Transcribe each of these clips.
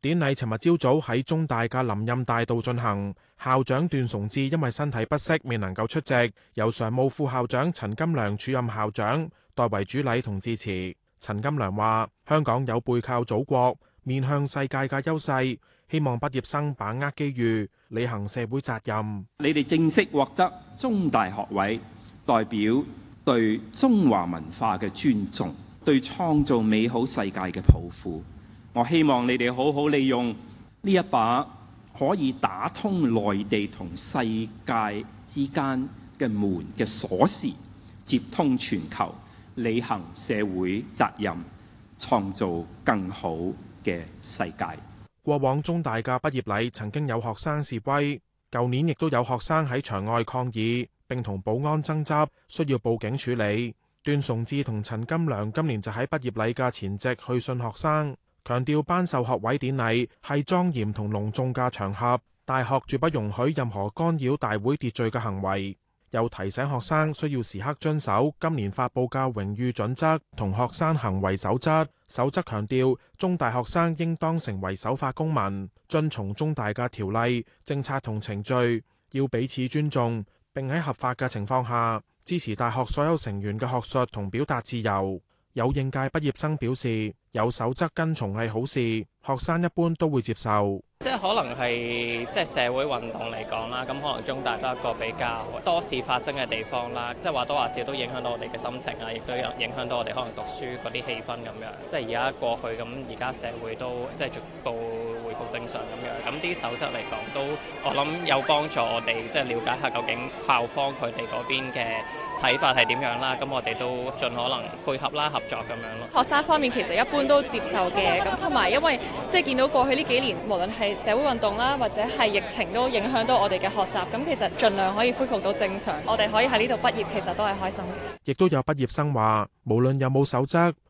典禮尋日朝早喺中大嘅林蔭大道進行，校長段崇智因為身體不適未能夠出席，由常務副校長陳金樑署任校長代為主禮同致辭。陳金樑話：香港有背靠祖國、面向世界嘅優勢，希望畢業生把握機遇，履行社會責任。你哋正式獲得中大學位，代表對中華文化嘅尊重，對創造美好世界嘅抱負。我希望你哋好好利用呢一把可以打通內地同世界之間嘅門嘅鎖匙，接通全球，履行社會責任，創造更好嘅世界。過往中大嘅畢業禮曾經有學生示威，舊年亦都有學生喺場外抗議，並同保安爭執，需要報警處理。段崇智同陳金樑今年就喺畢業禮嘅前夕去信學生。強調頒授學位典禮係莊嚴同隆重嘅場合，大學絕不容許任何干擾大會秩序嘅行為。又提醒學生需要時刻遵守今年發布嘅榮譽準則同學生行為守則。守則強調，中大學生應當成為守法公民，遵從中大嘅條例、政策同程序，要彼此尊重，並喺合法嘅情況下支持大學所有成員嘅學術同表達自由。有應屆畢業生表示，有守則跟從係好事，學生一般都會接受。即係可能係即係社會運動嚟講啦，咁可能中大都一個比較多事發生嘅地方啦。即係話多話少都影響到我哋嘅心情啊，亦都有影響到我哋可能讀書嗰啲氣氛咁樣。即係而家過去咁，而家社會都即係逐步回復正常咁樣。咁啲守則嚟講都，我諗有幫助我哋即係瞭解下究竟校方佢哋嗰邊嘅睇法係點樣啦。咁我哋都盡可能配合啦、合作咁樣咯。學生方面其實一般。般都接受嘅，咁同埋因為即係見到過去呢幾年，無論係社會運動啦，或者係疫情都影響到我哋嘅學習，咁其實盡量可以恢復到正常，我哋可以喺呢度畢業，其實都係開心嘅。亦都有畢業生話，無論有冇守則，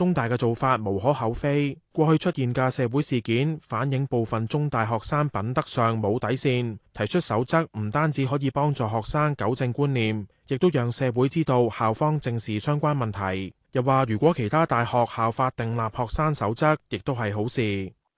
中大嘅做法無可厚非，過去出現嘅社會事件反映部分中大學生品德上冇底線，提出守則唔單止可以幫助學生糾正觀念，亦都讓社會知道校方正視相關問題。又話如果其他大學校法訂立學生守則，亦都係好事。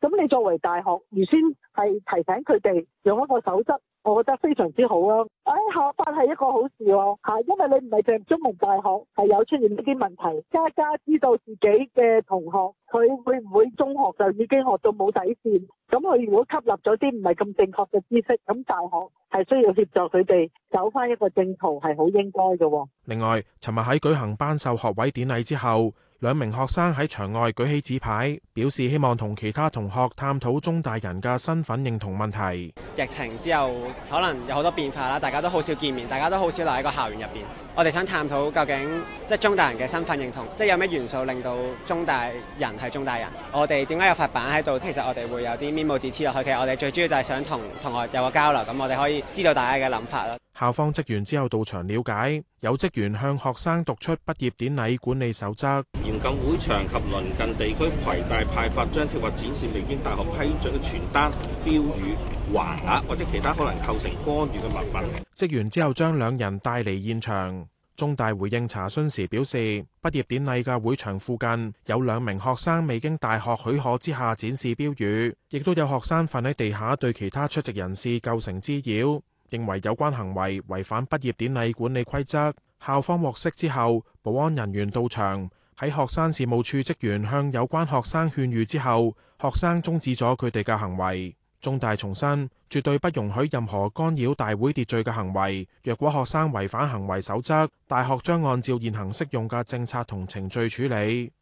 咁你作為大學，預先係提醒佢哋用一個守則。我覺得非常之好咯，啊，誒、哎，學法係一個好事，啊，吓，因為你唔係淨中文大學係有出現呢啲問題，家家知道自己嘅同學佢會唔會中學就已經學到冇底線，咁佢如果吸納咗啲唔係咁正確嘅知識，咁大學係需要協助佢哋走翻一個正途，啊，係好應該嘅。另外，尋日喺舉行頒授學位典禮之後。兩名學生喺場外舉起紙牌，表示希望同其他同學探討中大人嘅身份認同問題。疫情之後可能有好多變化啦，大家都好少見面，大家都好少留喺個校園入邊。我哋想探討究竟，即係中大人嘅身份認同，即係有咩元素令到中大人係中大人？我哋點解有塊板喺度？其實我哋會有啲面報紙黐落去嘅。其實我哋最主要就係想同同學有個交流，咁我哋可以知道大家嘅諗法啦。校方職員之後到場了解，有職員向學生讀出畢業典禮管理守則，嚴禁會場及鄰近地區攜帶、派發張貼或展示未經大學批准嘅傳單、標語、橫額或者其他可能構成干預嘅物品。職員之後將兩人帶離現場。中大回應查詢時表示，畢業典禮嘅會場附近有兩名學生未經大學許可之下展示標語，亦都有學生瞓喺地下，對其他出席人士構成滋擾。認為有關行為違反畢業典禮管理規則，校方獲悉之後，保安人員到場，喺學生事務處職員向有關學生勸喻之後，學生終止咗佢哋嘅行為。中大重申，絕對不容許任何干擾大會秩序嘅行為。若果學生違反行為守則，大學將按照現行適用嘅政策同程序處理。